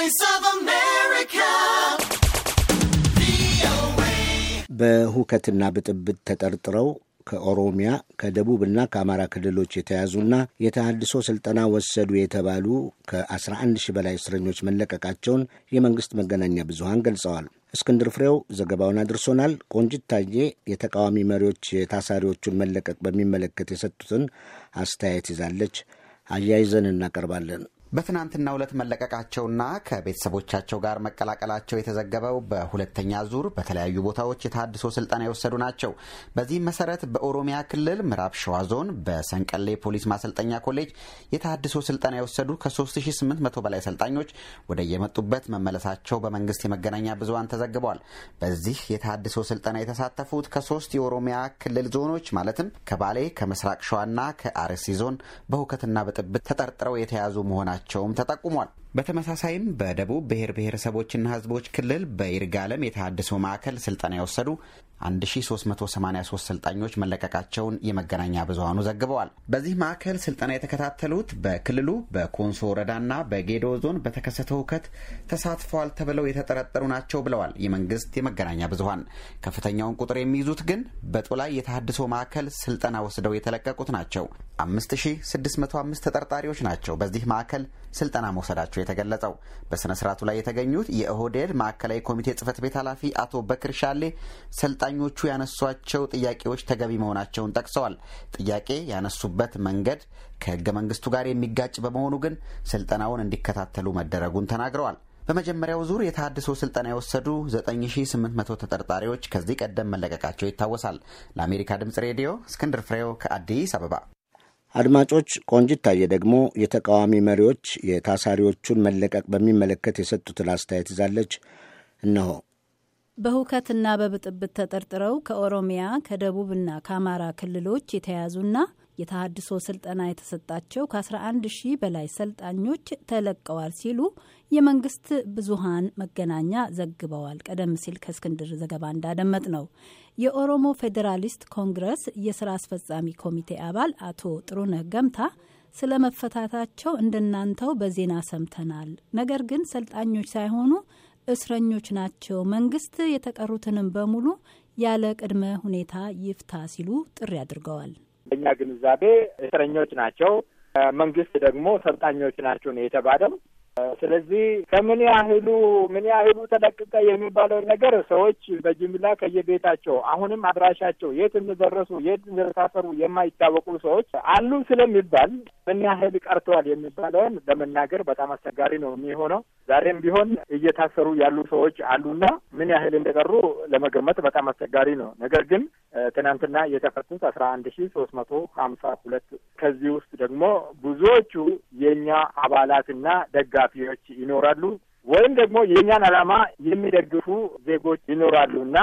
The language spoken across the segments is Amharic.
Voice of America. በሁከትና ብጥብጥ ተጠርጥረው ከኦሮሚያ ከደቡብና ከአማራ ክልሎች የተያዙና የተሃድሶ ስልጠና ወሰዱ የተባሉ ከ11 ሺህ በላይ እስረኞች መለቀቃቸውን የመንግሥት መገናኛ ብዙሃን ገልጸዋል። እስክንድር ፍሬው ዘገባውን አድርሶናል። ቆንጅት ታዬ የተቃዋሚ መሪዎች የታሳሪዎቹን መለቀቅ በሚመለከት የሰጡትን አስተያየት ይዛለች። አያይዘን እናቀርባለን። በትናንትናው ዕለት መለቀቃቸውና ከቤተሰቦቻቸው ጋር መቀላቀላቸው የተዘገበው በሁለተኛ ዙር በተለያዩ ቦታዎች የታድሶ ስልጠና የወሰዱ ናቸው። በዚህም መሰረት በኦሮሚያ ክልል ምዕራብ ሸዋ ዞን በሰንቀሌ ፖሊስ ማሰልጠኛ ኮሌጅ የታድሶ ስልጠና የወሰዱ ከ3800 በላይ ሰልጣኞች ወደ የመጡበት መመለሳቸው በመንግስት የመገናኛ ብዙኃን ተዘግቧል። በዚህ የታድሶ ስልጠና የተሳተፉት ከሶስት የኦሮሚያ ክልል ዞኖች ማለትም ከባሌ፣ ከምስራቅ ሸዋና ከአርሲ ዞን በሁከትና ብጥብጥ ተጠርጥረው የተያዙ መሆናቸው መሆናቸውም ተጠቁሟል። በተመሳሳይም በደቡብ ብሔር ብሔረሰቦችና ሕዝቦች ክልል በይርጋለም የተሃድሶ ማዕከል ስልጠና የወሰዱ 1383 ሰልጣኞች መለቀቃቸውን የመገናኛ ብዙሀኑ ዘግበዋል። በዚህ ማዕከል ስልጠና የተከታተሉት በክልሉ በኮንሶ ወረዳና በጌዶ ዞን በተከሰተው ሁከት ተሳትፈዋል ተብለው የተጠረጠሩ ናቸው ብለዋል የመንግስት የመገናኛ ብዙሀን። ከፍተኛውን ቁጥር የሚይዙት ግን በጦላይ የተሃድሶ ማዕከል ስልጠና ወስደው የተለቀቁት ናቸው። 5605 ተጠርጣሪዎች ናቸው በዚህ ማዕከል ስልጠና መውሰዳቸው መሆናቸው የተገለጸው። በሥነ ስርዓቱ ላይ የተገኙት የኦህዴድ ማዕከላዊ ኮሚቴ ጽህፈት ቤት ኃላፊ አቶ በክር ሻሌ ሰልጣኞቹ ያነሷቸው ጥያቄዎች ተገቢ መሆናቸውን ጠቅሰዋል። ጥያቄ ያነሱበት መንገድ ከህገ መንግስቱ ጋር የሚጋጭ በመሆኑ ግን ስልጠናውን እንዲከታተሉ መደረጉን ተናግረዋል። በመጀመሪያው ዙር የተሃድሶ ስልጠና የወሰዱ 9800 ተጠርጣሪዎች ከዚህ ቀደም መለቀቃቸው ይታወሳል። ለአሜሪካ ድምፅ ሬዲዮ እስክንድር ፍሬው ከአዲስ አበባ አድማጮች፣ ቆንጂት ታየ ደግሞ የተቃዋሚ መሪዎች የታሳሪዎቹን መለቀቅ በሚመለከት የሰጡትን አስተያየት ይዛለች። እነሆ በሁከትና በብጥብጥ ተጠርጥረው ከኦሮሚያ ከደቡብና ከአማራ ክልሎች የተያዙና የተሃድሶ ስልጠና የተሰጣቸው ከ11 ሺህ በላይ ሰልጣኞች ተለቀዋል ሲሉ የመንግስት ብዙሃን መገናኛ ዘግበዋል። ቀደም ሲል ከእስክንድር ዘገባ እንዳደመጥ ነው። የኦሮሞ ፌዴራሊስት ኮንግረስ የስራ አስፈጻሚ ኮሚቴ አባል አቶ ጥሩነህ ገምታ ስለ መፈታታቸው እንደናንተው በዜና ሰምተናል፣ ነገር ግን ሰልጣኞች ሳይሆኑ እስረኞች ናቸው፣ መንግስት የተቀሩትንም በሙሉ ያለ ቅድመ ሁኔታ ይፍታ ሲሉ ጥሪ አድርገዋል። በእኛ ግንዛቤ እስረኞች ናቸው፣ መንግስት ደግሞ ሰልጣኞች ናቸው ነው የተባለው። ስለዚህ ከምን ያህሉ ምን ያህሉ ተለቀቀ የሚባለውን ነገር ሰዎች በጅምላ ከየቤታቸው አሁንም አድራሻቸው የት እንደደረሱ የት እንደታሰሩ የማይታወቁ ሰዎች አሉ ስለሚባል ምን ያህል ቀርተዋል የሚባለውን ለመናገር በጣም አስቸጋሪ ነው የሚሆነው። ዛሬም ቢሆን እየታሰሩ ያሉ ሰዎች አሉና ምን ያህል እንደቀሩ ለመገመት በጣም አስቸጋሪ ነው። ነገር ግን ትናንትና የተፈቱት አስራ አንድ ሺ ሶስት መቶ ሀምሳ ሁለት ከዚህ ውስጥ ደግሞ ብዙዎቹ የእኛ አባላትና ደጋፊዎች ይኖራሉ። ወይም ደግሞ የእኛን ዓላማ የሚደግፉ ዜጎች ይኖራሉ እና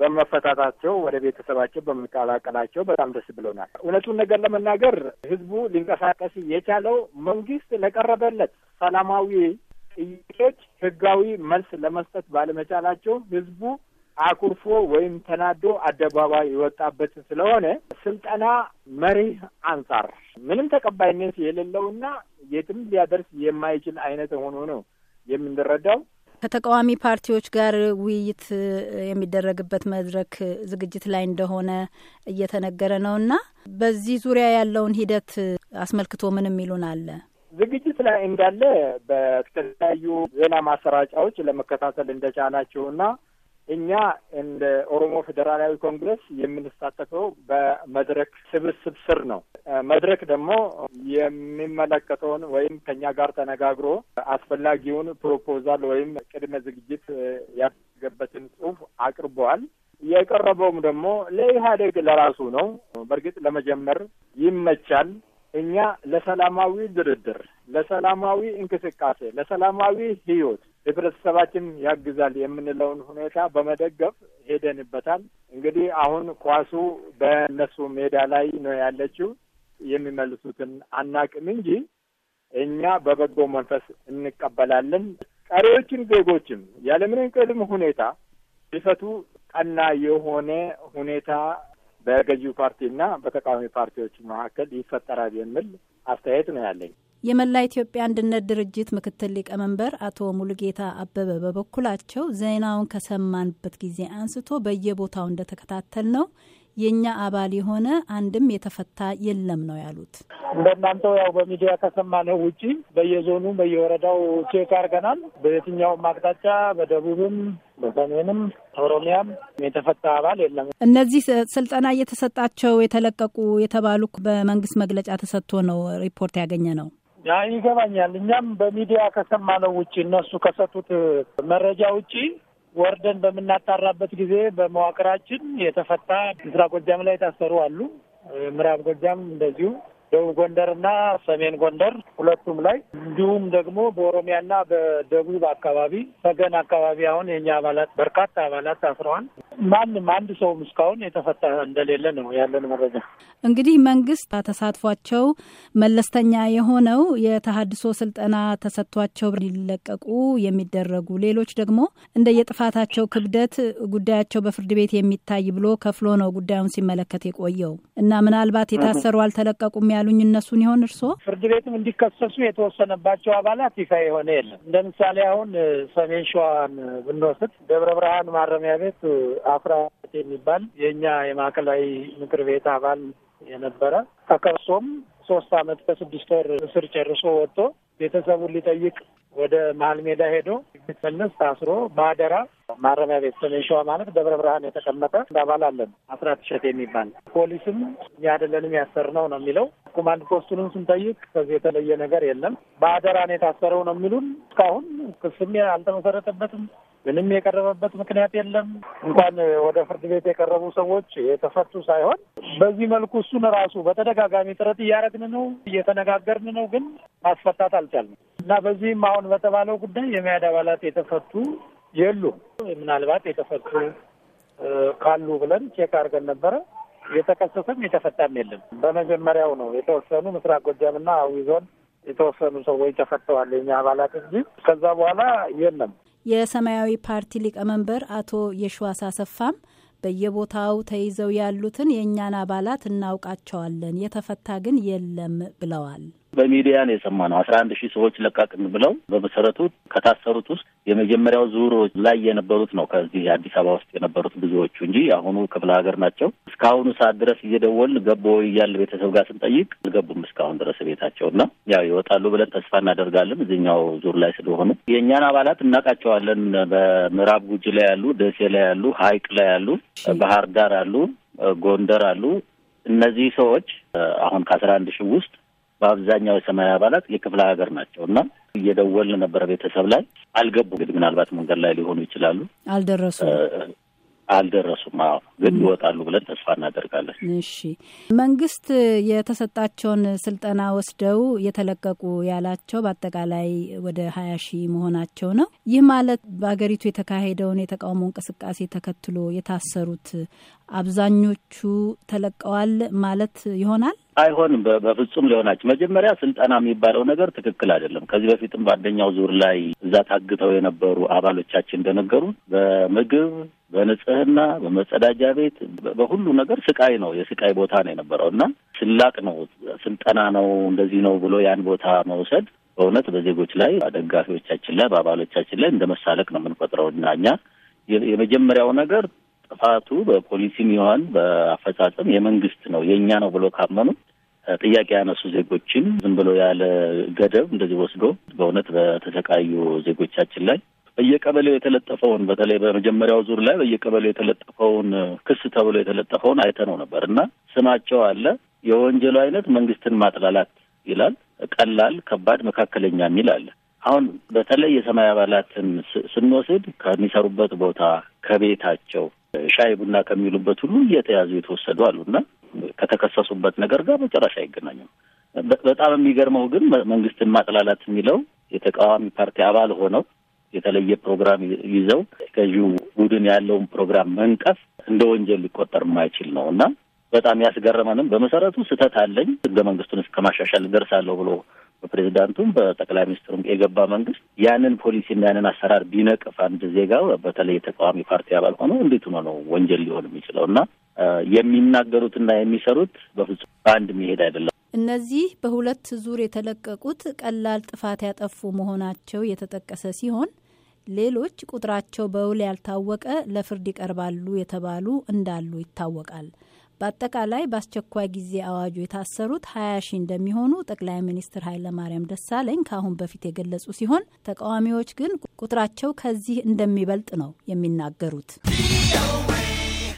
በመፈታታቸው ወደ ቤተሰባቸው በመቀላቀላቸው በጣም ደስ ብሎናል። እውነቱን ነገር ለመናገር ህዝቡ ሊንቀሳቀስ የቻለው መንግስት ለቀረበለት ሰላማዊ ጥያቄዎች ህጋዊ መልስ ለመስጠት ባለመቻላቸው ህዝቡ አኩርፎ ወይም ተናዶ አደባባይ የወጣበት ስለሆነ ስልጠና መሪህ አንጻር ምንም ተቀባይነት የሌለውና የትም ሊያደርስ የማይችል አይነት ሆኖ ነው የምንረዳው። ከተቃዋሚ ፓርቲዎች ጋር ውይይት የሚደረግበት መድረክ ዝግጅት ላይ እንደሆነ እየተነገረ ነው እና በዚህ ዙሪያ ያለውን ሂደት አስመልክቶ ምንም ይሉን አለ? ዝግጅት ላይ እንዳለ በተለያዩ ዜና ማሰራጫዎች ለመከታተል እንደቻላችሁና እኛ እንደ ኦሮሞ ፌዴራላዊ ኮንግረስ የምንሳተፈው በመድረክ ስብስብ ስር ነው። መድረክ ደግሞ የሚመለከተውን ወይም ከኛ ጋር ተነጋግሮ አስፈላጊውን ፕሮፖዛል ወይም ቅድመ ዝግጅት ያደረገበትን ጽሑፍ አቅርበዋል። የቀረበውም ደግሞ ለኢህአዴግ ለራሱ ነው። በእርግጥ ለመጀመር ይመቻል። እኛ ለሰላማዊ ድርድር፣ ለሰላማዊ እንቅስቃሴ፣ ለሰላማዊ ህይወት ህብረተሰባችን ያግዛል የምንለውን ሁኔታ በመደገፍ ሄደንበታል። እንግዲህ አሁን ኳሱ በእነሱ ሜዳ ላይ ነው ያለችው። የሚመልሱትን አናቅም እንጂ እኛ በበጎ መንፈስ እንቀበላለን። ቀሪዎችን ዜጎችም ያለምንም ቅድም ሁኔታ ሊፈቱ ቀና የሆነ ሁኔታ በገዢው ፓርቲና በተቃዋሚ ፓርቲዎች መካከል ይፈጠራል የሚል አስተያየት ነው ያለኝ። የመላ ኢትዮጵያ አንድነት ድርጅት ምክትል ሊቀመንበር አቶ ሙሉጌታ አበበ በበኩላቸው ዜናውን ከሰማንበት ጊዜ አንስቶ በየቦታው እንደተከታተል ነው የእኛ አባል የሆነ አንድም የተፈታ የለም ነው ያሉት። እንደናንተው ያው በሚዲያ ከሰማነው ውጪ በየዞኑ በየወረዳው ቼክ አድርገናል። በየትኛውም አቅጣጫ በደቡብም በሰሜንም ኦሮሚያም የተፈታ አባል የለም። እነዚህ ስልጠና እየተሰጣቸው የተለቀቁ የተባሉ በመንግስት መግለጫ ተሰጥቶ ነው ሪፖርት ያገኘ ነው። ይገባኛል። እኛም በሚዲያ ከሰማነው ውጭ እነሱ ከሰጡት መረጃ ውጭ ወርደን በምናጣራበት ጊዜ በመዋቅራችን የተፈታ ምስራቅ ጎጃም ላይ የታሰሩ አሉ፣ ምዕራብ ጎጃም እንደዚሁ ደቡብ ጎንደርና ሰሜን ጎንደር ሁለቱም ላይ እንዲሁም ደግሞ በኦሮሚያና በደቡብ አካባቢ ሰገን አካባቢ አሁን የኛ አባላት በርካታ አባላት ታስረዋል። ማንም አንድ ሰውም እስካሁን የተፈታ እንደሌለ ነው ያለን መረጃ። እንግዲህ መንግስት ተሳትፏቸው መለስተኛ የሆነው የተሀድሶ ስልጠና ተሰጥቷቸው ሊለቀቁ የሚደረጉ ሌሎች ደግሞ እንደየጥፋታቸው ክብደት ጉዳያቸው በፍርድ ቤት የሚታይ ብሎ ከፍሎ ነው ጉዳዩን ሲመለከት የቆየው እና ምናልባት የታሰሩ አልተለቀቁም ያሉኝ እነሱን ይሆን እርስዎ? ፍርድ ቤትም እንዲከሰሱ የተወሰነባቸው አባላት ይፋ የሆነ የለም። እንደ ምሳሌ አሁን ሰሜን ሸዋን ብንወስድ ደብረ ብርሃን ማረሚያ ቤት አፍራ የሚባል የእኛ የማዕከላዊ ምክር ቤት አባል የነበረ ተከሶም ሶስት አመት ከስድስት ወር እስር ጨርሶ ወጥቶ ቤተሰቡን ሊጠይቅ ወደ መሀል ሜዳ ሄዶ ሲጸነስ ታስሮ ማደራ ማረሚያ ቤት ሰሜን ሸዋ ማለት ደብረ ብርሃን የተቀመጠ አባል አለን። አስራት እሸት የሚባል ፖሊስም እኛ አይደለንም ነው ነው የሚለው። ኮማንድ ፖስቱንም ስንጠይቅ ከዚህ የተለየ ነገር የለም። በአደራ ነው የታሰረው ነው የሚሉን። እስካሁን ክስም አልተመሰረተበትም። ምንም የቀረበበት ምክንያት የለም። እንኳን ወደ ፍርድ ቤት የቀረቡ ሰዎች የተፈቱ ሳይሆን በዚህ መልኩ እሱን ራሱ በተደጋጋሚ ጥረት እያደረግን ነው፣ እየተነጋገርን ነው፣ ግን ማስፈታት አልቻልም። እና በዚህም አሁን በተባለው ጉዳይ የሚያድ አባላት የተፈቱ የሉ ምናልባት የተፈቱ ካሉ ብለን ቼክ አድርገን ነበረ። የተከሰሰም የተፈታም የለም። በመጀመሪያው ነው የተወሰኑ ምስራቅ ጎጃምና አዊ ዞን የተወሰኑ ሰዎች ተፈተዋል የኛ አባላት እንጂ ከዛ በኋላ የለም። የሰማያዊ ፓርቲ ሊቀመንበር አቶ የሽዋስ አሰፋም በየቦታው ተይዘው ያሉትን የእኛን አባላት እናውቃቸዋለን፣ የተፈታ ግን የለም ብለዋል። በሚዲያ ነው የሰማነው። አስራ አንድ ሺህ ሰዎች ለቃቅን ብለው በመሰረቱ ከታሰሩት ውስጥ የመጀመሪያው ዙር ላይ የነበሩት ነው ከዚህ አዲስ አበባ ውስጥ የነበሩት ብዙዎቹ እንጂ አሁኑ ክፍለ ሀገር ናቸው። እስካሁኑ ሰዓት ድረስ እየደወልን ገቦ እያለ ቤተሰብ ጋር ስንጠይቅ አልገቡም እስካሁን ድረስ ቤታቸውና ያው ይወጣሉ ብለን ተስፋ እናደርጋለን። እዚኛው ዙር ላይ ስለሆኑ የእኛን አባላት እናውቃቸዋለን። በምዕራብ ጉጂ ላይ ያሉ፣ ደሴ ላይ ያሉ፣ ሀይቅ ላይ ያሉ፣ ባህር ዳር አሉ፣ ጎንደር አሉ። እነዚህ ሰዎች አሁን ከአስራ አንድ ሺህ ውስጥ በአብዛኛው የሰማያዊ አባላት የክፍለ ሀገር ናቸው እና እየደወል ነበረ ቤተሰብ ላይ አልገቡ። እንግዲህ ምናልባት መንገድ ላይ ሊሆኑ ይችላሉ። አልደረሱ አልደረሱም። አዎ፣ ግን ይወጣሉ ብለን ተስፋ እናደርጋለን። እሺ፣ መንግስት የተሰጣቸውን ስልጠና ወስደው የተለቀቁ ያላቸው በአጠቃላይ ወደ ሀያ ሺህ መሆናቸው ነው። ይህ ማለት በሀገሪቱ የተካሄደውን የተቃውሞ እንቅስቃሴ ተከትሎ የታሰሩት አብዛኞቹ ተለቀዋል ማለት ይሆናል። አይሆንም፣ በፍጹም ሊሆናች። መጀመሪያ ስልጠና የሚባለው ነገር ትክክል አይደለም። ከዚህ በፊትም በአንደኛው ዙር ላይ እዛ ታግተው የነበሩ አባሎቻችን እንደነገሩ በምግብ በንጽህና በመጸዳጃ ቤት በሁሉ ነገር ስቃይ ነው። የስቃይ ቦታ ነው የነበረው እና ስላቅ ነው ስልጠና ነው እንደዚህ ነው ብሎ ያን ቦታ መውሰድ በእውነት በዜጎች ላይ በደጋፊዎቻችን ላይ በአባሎቻችን ላይ እንደ መሳለቅ ነው የምንቆጥረው እና እኛ የመጀመሪያው ነገር ጥፋቱ በፖሊሲም ይሆን በአፈጻጸም የመንግስት ነው የእኛ ነው ብሎ ካመኑ ጥያቄ ያነሱ ዜጎችን ዝም ብሎ ያለ ገደብ እንደዚህ ወስዶ በእውነት በተሰቃዩ ዜጎቻችን ላይ በየቀበሌው የተለጠፈውን በተለይ በመጀመሪያው ዙር ላይ በየቀበሌው የተለጠፈውን ክስ ተብሎ የተለጠፈውን አይተነው ነበር እና ስማቸው አለ። የወንጀሉ አይነት መንግስትን ማጥላላት ይላል። ቀላል፣ ከባድ፣ መካከለኛ የሚል አለ። አሁን በተለይ የሰማይ አባላትን ስንወስድ ከሚሰሩበት ቦታ ከቤታቸው ሻይ ቡና ከሚሉበት ሁሉ እየተያዙ የተወሰዱ እና ከተከሰሱበት ነገር ጋር መጨረሻ አይገናኙም። በጣም የሚገርመው ግን መንግስትን ማጥላላት የሚለው የተቃዋሚ ፓርቲ አባል ሆነው የተለየ ፕሮግራም ይዘው ከዚሁ ቡድን ያለውን ፕሮግራም መንቀፍ እንደ ወንጀል ሊቆጠር የማይችል ነው እና በጣም ያስገረመንም በመሰረቱ ስህተት አለኝ ህገ መንግስቱን እስከ ማሻሻል ደርሳለሁ ብሎ በፕሬዚዳንቱም በጠቅላይ ሚኒስትሩም የገባ መንግስት ያንን ፖሊሲና ያንን አሰራር ቢነቅፍ አንድ ዜጋ በተለይ የተቃዋሚ ፓርቲ አባል ሆኖ እንዴት ሆኖ ነው ወንጀል ሊሆን የሚችለው? እና የሚናገሩትና የሚሰሩት በፍጹም በአንድ የሚሄድ አይደለም። እነዚህ በሁለት ዙር የተለቀቁት ቀላል ጥፋት ያጠፉ መሆናቸው የተጠቀሰ ሲሆን ሌሎች ቁጥራቸው በውል ያልታወቀ ለፍርድ ይቀርባሉ የተባሉ እንዳሉ ይታወቃል። በአጠቃላይ በአስቸኳይ ጊዜ አዋጁ የታሰሩት 20 ሺህ እንደሚሆኑ ጠቅላይ ሚኒስትር ኃይለማርያም ደሳለኝ ከአሁን በፊት የገለጹ ሲሆን ተቃዋሚዎች ግን ቁጥራቸው ከዚህ እንደሚበልጥ ነው የሚናገሩት።